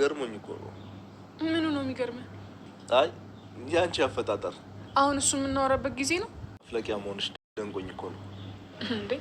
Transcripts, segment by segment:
ገርሞኝ እኮ ነው። ምኑ ነው የሚገርመ? አይ ያንቺ አፈጣጠር። አሁን እሱ የምናወራበት ጊዜ ነው። ፍለቂያ መሆንሽ ደንቆኝ እኮ ነው። እንዴ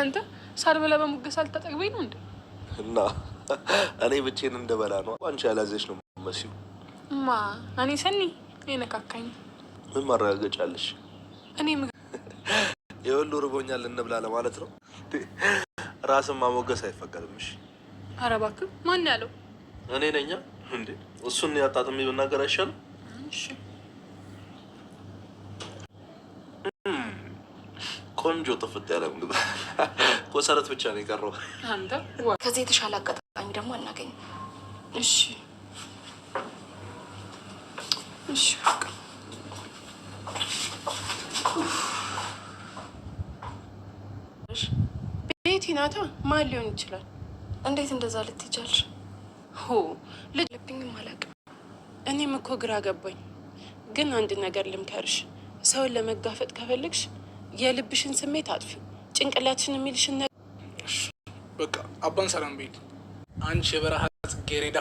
አንተ ሳልበላ በሙገስ አልታጠግበኝ ነው እንዴ? እና እኔ ብቼን እንደበላ ነው። አንቺ ያላዘች ነው መሲው ማ እኔ ሰኒ የነካካኝ ምን ማረጋገጫለሽ? እኔ የወሉ ርቦኛል እንብላ ለማለት ነው። ራስን ማሞገስ አይፈቀድምሽ። ኧረ እባክህ ማን ያለው? እኔ ነኛ እንዴ? እሱን ያጣጥሜ ብናገር አይሻልም? ቆንጆ ጥፍጥ ያለ ምግብ ኮሰረት ብቻ ነው የቀረው። ከዚህ የተሻለ አጋጣሚ ደግሞ አናገኝ። እሺ፣ እሺ ቤቲ ናታ። ማን ሊሆን ይችላል? እንዴት እንደዛ ልትይቻልሽ? ልብኝም አላውቅም። እኔም እኮ ግራ ገባኝ። ግን አንድ ነገር ልምከርሽ፣ ሰውን ለመጋፈጥ ከፈለግሽ የልብሽን ስሜት አጥፊ፣ ጭንቅላትሽን የሚልሽን ነገር በቃ አባን ሰላም ቤት አንቺ የበረሃ ጌሬዳ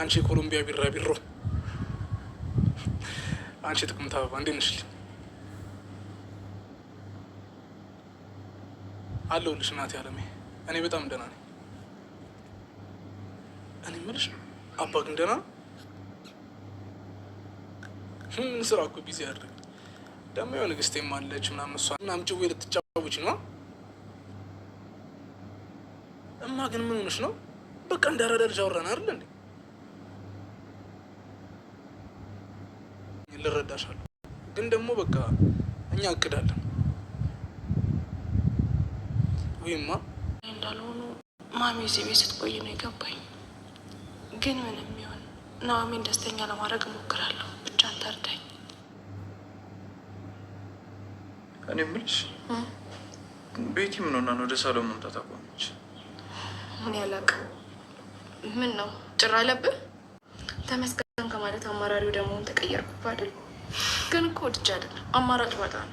አንቺ የኮሎምቢያ ቢራቢሮ፣ አንቺ ጥቅምት አበባ እንዴት ነሽ? አለሁልሽ እናቴ አለሜ። እኔ በጣም ደህና ነኝ። እኔ የምልሽ አባ ግን ደህና ስራ እኮ ቢዚ ያደርግ ደግሞ ያው ንግስቴም አለች ምናምን እሷ እና አምጪው ልትጫወች ነው። እማ ግን ምን ሆነሽ ነው? በቃ እንዳረዳ ልጅ አወራን አይደል እንዴ? ልረዳሻለሁ፣ ግን ደግሞ በቃ እኛ እቅዳለን ወይማ እንዳልሆኑ ማሚ እዚህ ቤት ስትቆይ ነው የገባኝ። ግን ምን የሚሆን ኑሐሚን ደስተኛ ለማድረግ እሞክራለሁ። ብቻ አንተ እርዳኝ። እኔ የምልሽ ቤቲ ምን ሆና ነው ወደ ሳሎን መምጣት አቆመች? እኔ አላውቅም። ምን ነው ጭራ አለብህ? ተመስገን ከማለት አማራሪው ደግሞ ተቀየርኩባ አይደል? ግን እኮ ወድጄ አይደል፣ አማራጭ ባጣ ነው።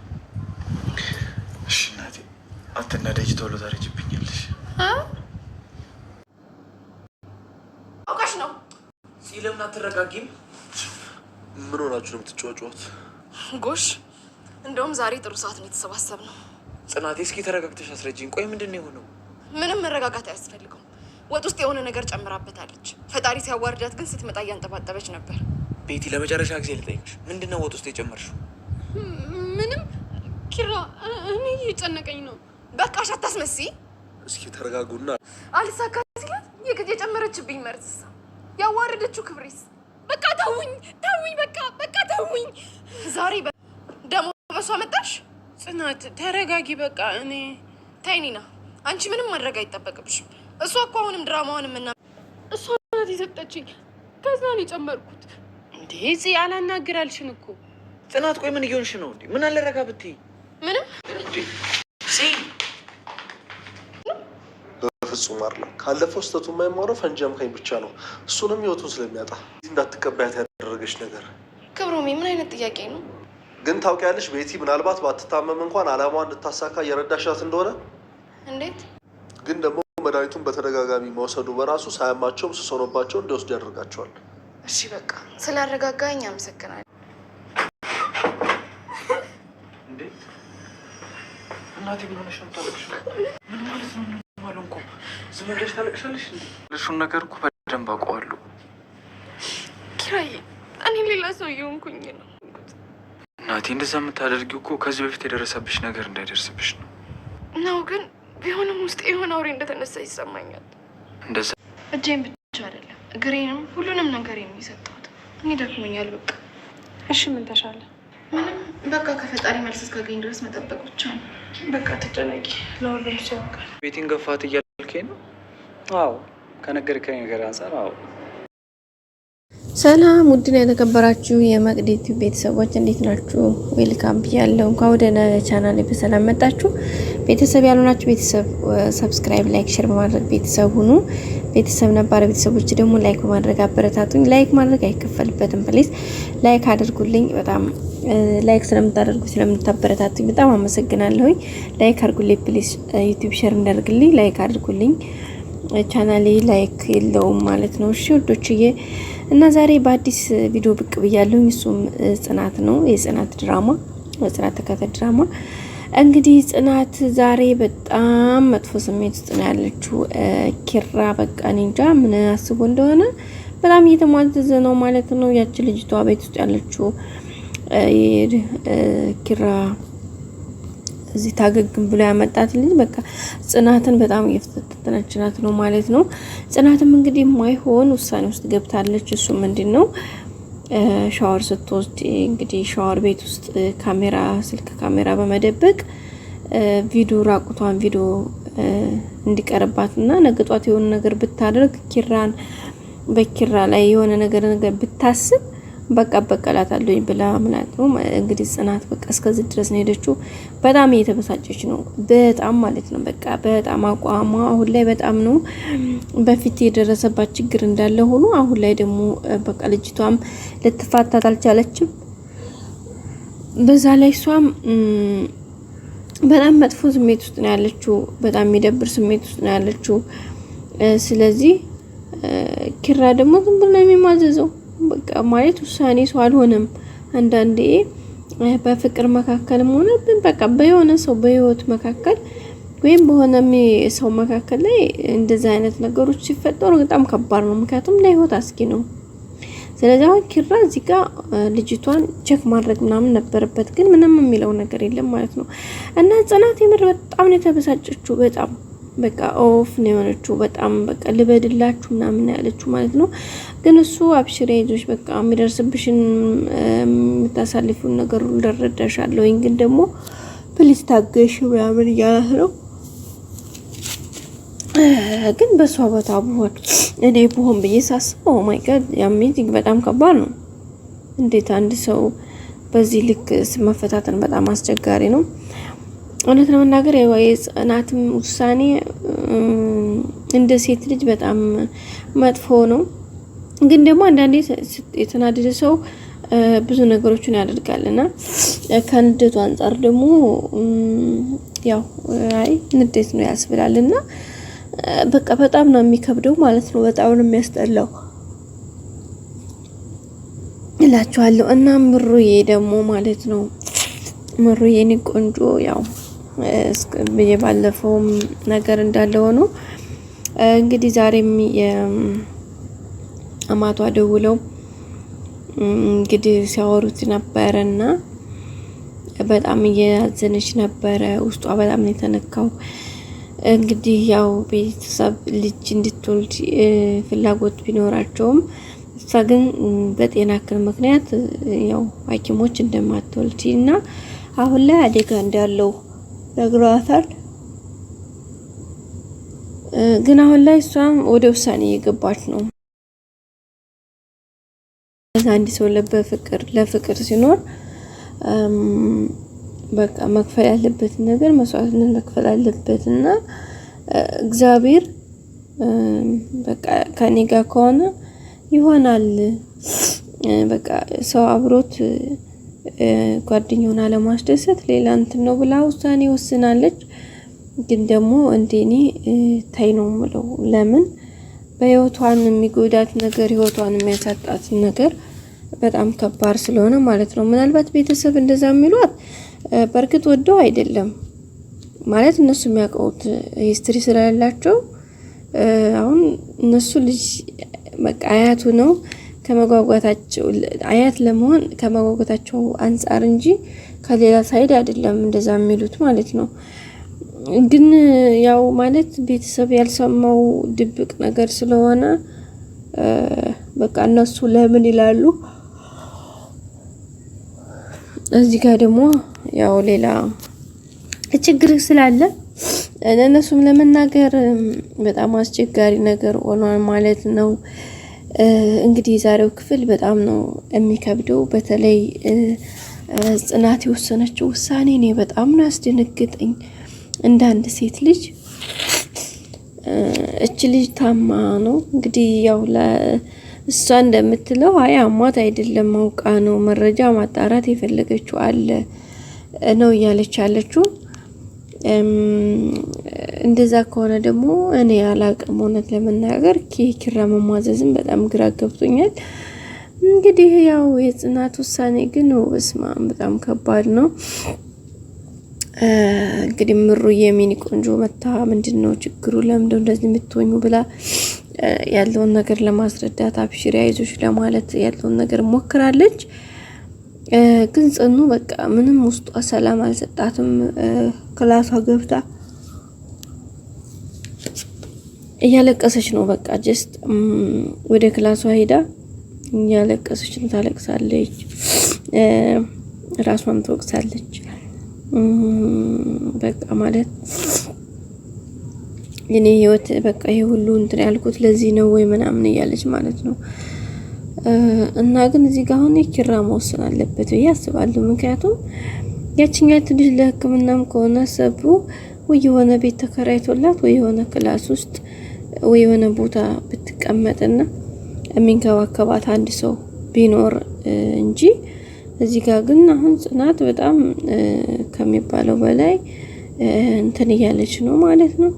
እሺ እናቴ አትናደጅ፣ ቶሎ ታረጅብኛለሽ። ለምን አትረጋጊም? ምን ሆናችሁ ነው የምትጫወጫወት? ጎሽ፣ እንደውም ዛሬ ጥሩ ሰዓት ነው ነው። ጽናቴ፣ እስኪ ተረጋግተሽ አስረጂኝ። ቆይ ምንድን ነው የሆነው? ምንም መረጋጋት አያስፈልገውም። ወጥ ውስጥ የሆነ ነገር ጨምራበታለች። ፈጣሪ ሲያዋርዳት ግን ስትመጣ እያንጠባጠበች ነበር። ቤቲ፣ ለመጨረሻ ጊዜ ልጠይቅሽ፣ ምንድን ነው ወጥ ውስጥ የጨመርሽው? ምንም ኪራ፣ እኔ እየጨነቀኝ ነው። በቃ አታስመስይ። እስኪ ተረጋጉና አልሳካ ሲላት የጨመረችብኝ መርዝሳ ያዋረደችው ክብሬስ? በቃ ተውኝ ተውኝ፣ በቃ በቃ ተውኝ። ዛሬ ደግሞ በሷ መጣሽ። ጽናት ተረጋጊ፣ በቃ እኔ ታይኒና፣ አንቺ ምንም ማድረግ አይጠበቅብሽም። እሷ እኮ አሁንም ድራማውን ምና እሷ ናት የሰጠችኝ፣ ከዛ ነው የጨመርኩት። እንዴ ፅ አላናግር አልሽን እኮ ጽናት። ቆይ ምን እየሆንሽ ነው? እንዴ ምን አለረጋ ብትይ ምንም በፍጹም አይደለም። ካለፈው ስህተቱ የማይማረው ፈንጂ አምካኝ ብቻ ነው፣ እሱንም ህይወቱን ስለሚያጣ። እዚህ እንዳትቀባያት ያደረገች ነገር ክብሮሜ፣ ምን አይነት ጥያቄ ነው? ግን ታውቂያለሽ ቤቲ፣ ምናልባት ባትታመም እንኳን አላማዋ እንድታሳካ የረዳሻት እንደሆነ። እንዴት ግን ደግሞ መድኃኒቱን በተደጋጋሚ መውሰዱ በራሱ ሳያማቸውም ስሶኖባቸው እንዲወስዱ ያደርጋቸዋል። እሺ በቃ ስላረጋጋኝ አመሰግናለሁ። እናቴ ብሎ ነሽ ምን ማለት ነው? አልሆንኩም። ዝም ብለሽ ታለቅሻለሽ ልሹን ነገር እኮ በደንብ አውቀዋለሁ። ኪራይ፣ እኔ ሌላ ሰው እየሆንኩኝ ነው። እናቴ፣ እንደዛ የምታደርጊው እኮ ከዚህ በፊት የደረሰብሽ ነገር እንዳይደርስብሽ ነው። ነው ግን ቢሆንም ውስጥ የሆነ አውሬ እንደተነሳ ይሰማኛል። እንደዛ እጄን ብቻ አይደለም እግሬንም ሁሉንም ነገር የሚሰጠት እኔ ደክሞኛል። በቃ እሺ፣ ምን ተሻለ? ምንም በቃ ከፈጣሪ መልስ እስካገኝ ድረስ መጠበቅ ብቻ ነው። በቃ ተጨነቂ፣ ለሁሉም ሰው ያውቃል። ገፋት እያልከኝ ነው? አዎ፣ ከነገርከኝ ነገር አንጻር አዎ። ሰላም የተከበራችሁ የመቅዴት ቤተሰቦች እንዴት ናችሁ? ዌልካም ብያለሁ። እንኳን ወደ ቻናል በሰላም መጣችሁ። ቤተሰብ ያልሆናችሁ ቤተሰብ ሰብስክራይብ፣ ላይክ፣ ሼር በማድረግ ቤተሰብ ሁኑ። ቤተሰብ ነባር ቤተሰቦች ደግሞ ላይክ በማድረግ አበረታቱኝ። ላይክ ማድረግ አይከፈልበትም። ፕሊዝ ላይክ አድርጉልኝ በጣም ላይክ ስለምታደርጉ ስለምታበረታቱኝ በጣም አመሰግናለሁኝ። ላይክ አድርጉልኝ ፕሊስ። ዩቲዩብ ሼር እንዳደርግልኝ ላይክ አድርጉልኝ። ቻናሌ ላይክ የለውም ማለት ነው። እሺ ወዶችዬ እና ዛሬ በአዲስ ቪዲዮ ብቅ ብያለሁኝ። እሱም ጽናት ነው። የጽናት ድራማ ጽናት ተከታታይ ድራማ እንግዲህ ጽናት ዛሬ በጣም መጥፎ ስሜት ውስጥ ነው ያለችው። ኪራ በቃ እኔ እንጃ ምን አስቦ እንደሆነ በጣም እየተሟዘዘ ነው ማለት ነው። ያቺ ልጅቷ ቤት ውስጥ ያለችው ኪራ እዚህ ታገግም ብሎ ያመጣት ልጅ በቃ ጽናትን በጣም እየፈተተነችናት ነው ማለት ነው። ጽናትም እንግዲህ ማይሆን ውሳኔ ውስጥ ገብታለች። እሱ ምንድን ነው ሻወር ስትወስድ እንግዲህ ሻወር ቤት ውስጥ ካሜራ ስልክ ካሜራ በመደበቅ ቪዲዮ ራቁቷን ቪዲዮ እንዲቀርባትና ነገጧት የሆነ ነገር ብታደርግ ኪራን በኪራ ላይ የሆነ ነገር ነገር ብታስብ በቃ በቀላታለሁኝ ብላ ምናት እንግዲህ ጽናት በቃ እስከዚህ ድረስ ነው ሄደችው። በጣም እየተበሳጨች ነው፣ በጣም ማለት ነው በቃ በጣም አቋሟ አሁን ላይ በጣም ነው። በፊት የደረሰባት ችግር እንዳለ ሆኖ አሁን ላይ ደግሞ በቃ ልጅቷም ልትፋታት አልቻለችም። በዛ ላይ እሷም በጣም መጥፎ ስሜት ውስጥ ነው ያለችው፣ በጣም የሚደብር ስሜት ውስጥ ነው ያለችው። ስለዚህ ኪራ ደግሞ ዝም ብሎ ነው የሚማዘዘው በቃ ማለት ውሳኔ ሰው አልሆነም። አንዳንዴ በፍቅር መካከልም ሆነ በቃ በሆነ ሰው በህይወት መካከል ወይም በሆነ ሰው መካከል ላይ እንደዚህ አይነት ነገሮች ሲፈጠሩ በጣም ከባድ ነው፣ ምክንያቱም ለህይወት አስጊ ነው። ስለዚህ አሁን ኪራ እዚህ ጋር ልጅቷን ቼክ ማድረግ ምናምን ነበረበት፣ ግን ምንም የሚለው ነገር የለም ማለት ነው። እና ጽናት የምር በጣም ነው የተበሳጨችው በጣም በቃ ኦፍ ነው የሆነችው። በጣም በቃ ልበድላችሁ ምናምን ያለችው ማለት ነው። ግን እሱ አብሽሬ ይዞች በቃ የሚደርስብሽን የምታሳልፊውን ነገር ሁሉ እረዳሻለሁ፣ ግን ደግሞ ፕሊስ ታገሽ ምናምን እያላት ነው። ግን በእሷ ቦታ ብሆን እኔ ብሆን ብዬ ሳስበው ማይቀድ ያሜቲንግ በጣም ከባድ ነው። እንዴት አንድ ሰው በዚህ ልክ መፈታተን በጣም አስቸጋሪ ነው። እውነት ለመናገር የጽናትም ውሳኔ እንደ ሴት ልጅ በጣም መጥፎ ነው። ግን ደግሞ አንዳንዴ የተናደደ ሰው ብዙ ነገሮችን ያደርጋል እና ከንደቱ አንጻር ደግሞ ያው አይ ንዴት ነው ያስብላል እና በቃ በጣም ነው የሚከብደው ማለት ነው። በጣም ነው የሚያስጠላው እላችኋለሁ። እና ምሩዬ ደግሞ ማለት ነው ምሩዬ የኔ ቆንጆ ያው የባለፈውም ነገር እንዳለ ሆኖ እንግዲህ ዛሬም አማቷ ደውለው እንግዲህ ሲያወሩት ነበረ እና በጣም እያዘነች ነበረ። ውስጧ በጣም ነው የተነካው። እንግዲህ ያው ቤተሰብ ልጅ እንድትወልድ ፍላጎት ቢኖራቸውም እሷ ግን በጤና እክል ምክንያት ያው ሐኪሞች እንደማትወልድ እና አሁን ላይ አደጋ እንዳለው ነግሯታል። ግን አሁን ላይ እሷም ወደ ውሳኔ እየገባች ነው። አንድ ሰው ለበፍቅር ለፍቅር ሲኖር በቃ መክፈል ያለበትን ነገር መስዋዕትነት መክፈል አለበት እና እግዚአብሔር በቃ ከኔ ጋር ከሆነ ይሆናል። በቃ ሰው አብሮት ጓደኛውን አለማስደሰት ሌላ እንትን ነው ብላ ውሳኔ ወስናለች። ግን ደግሞ እንደኔ ታይ ነው ምለው ለምን በህይወቷን የሚጎዳት ነገር ህይወቷን የሚያሳጣት ነገር በጣም ከባድ ስለሆነ ማለት ነው። ምናልባት ቤተሰብ እንደዛ የሚሏት በእርግጥ ወደው አይደለም ማለት እነሱ የሚያውቀውት ሂስትሪ ስለሌላቸው አሁን እነሱ ልጅ መቃያቱ ነው ከመጓጓታቸው አያት ለመሆን ከመጓጓታቸው አንጻር እንጂ ከሌላ ሳይድ አይደለም እንደዛ የሚሉት ማለት ነው። ግን ያው ማለት ቤተሰብ ያልሰማው ድብቅ ነገር ስለሆነ በቃ እነሱ ለምን ይላሉ። እዚህ ጋር ደግሞ ያው ሌላ ችግር ስላለ እነሱም ለመናገር በጣም አስቸጋሪ ነገር ሆኗል ማለት ነው። እንግዲህ የዛሬው ክፍል በጣም ነው የሚከብደው። በተለይ ጽናት የወሰነችው ውሳኔ እኔ በጣም ነው ያስደነግጠኝ። እንደ አንድ ሴት ልጅ እች ልጅ ታማ ነው እንግዲህ ያው እሷ እንደምትለው አይ አሟት አይደለም ማውቃ ነው መረጃ ማጣራት የፈለገችው አለ ነው እያለች ያለችው። እንደዛ ከሆነ ደግሞ እኔ አላቅም። እውነት ለመናገር ኪራ መሟዘዝም በጣም ግራ ገብቶኛል። እንግዲህ ያው የጽናት ውሳኔ ግን በስማ በጣም ከባድ ነው። እንግዲህ ምሩ የሚኒ ቆንጆ መታ ምንድን ነው ችግሩ ለምንድነው እንደዚህ የምትሆኙ ብላ ያለውን ነገር ለማስረዳት አብሽሪ አይዞች ለማለት ያለውን ነገር ሞክራለች። ግን ጽኑ በቃ ምንም ውስጧ ሰላም አልሰጣትም። ክላሷ ገብታ እያለቀሰች ነው። በቃ ጀስት ወደ ክላሷ ሄዳ እያለቀሰች ነው። ታለቅሳለች፣ ራሷን ትወቅሳለች። በቃ ማለት የኔ ህይወት በቃ ይሄ ሁሉ እንትን ያልኩት ለዚህ ነው ወይ ምናምን እያለች ማለት ነው። እና ግን እዚህ ጋር አሁን የኪራ መወሰን አለበት ብዬ አስባለሁ። ምክንያቱም ያችኛ ትንሽ ለህክምናም ከሆነ ሰብሮ ወይ የሆነ ቤት ተከራይቶላት ወይ የሆነ ክላስ ውስጥ ወይ የሆነ ቦታ ብትቀመጥና የሚንከባከባት አንድ ሰው ቢኖር እንጂ እዚህ ጋር ግን አሁን ጽናት በጣም ከሚባለው በላይ እንትን እያለች ነው ማለት ነው።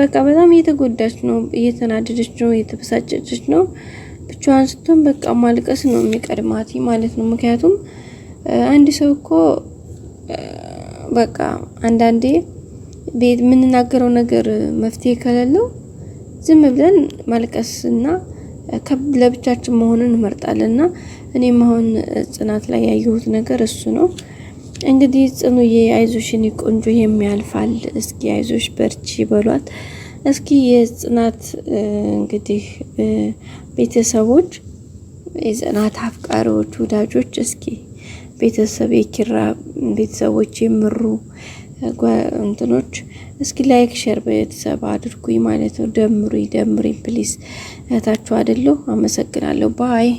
በቃ በጣም እየተጎዳች ነው፣ እየተናደደች ነው፣ እየተበሳጨች ነው። ብቻዋን ስትሆን በቃ ማልቀስ ነው የሚቀድማት ማለት ነው። ምክንያቱም አንድ ሰው እኮ በቃ አንዳንዴ ቤት የምንናገረው ነገር መፍትሄ ከሌለው ዝም ብለን ማልቀስና ለብቻችን መሆንን እንመርጣለን እና እኔም አሁን ጽናት ላይ ያየሁት ነገር እሱ ነው። እንግዲህ ጽኑዬ አይዞሽ ቆንጆ የሚያልፋል፣ እስኪ አይዞሽ በርቺ በሏት። እስኪ የጽናት እንግዲህ ቤተሰቦች፣ የጽናት አፍቃሪዎች፣ ወዳጆች እስኪ ቤተሰብ የኪራ ቤተሰቦች የምሩ እንትኖች እስኪ ላይክ ሸር ቤተሰብ አድርጉኝ ማለት ነው። ደምሩኝ ደምሩኝ ፕሊስ። እህታችሁ አይደለሁ። አመሰግናለሁ ባይ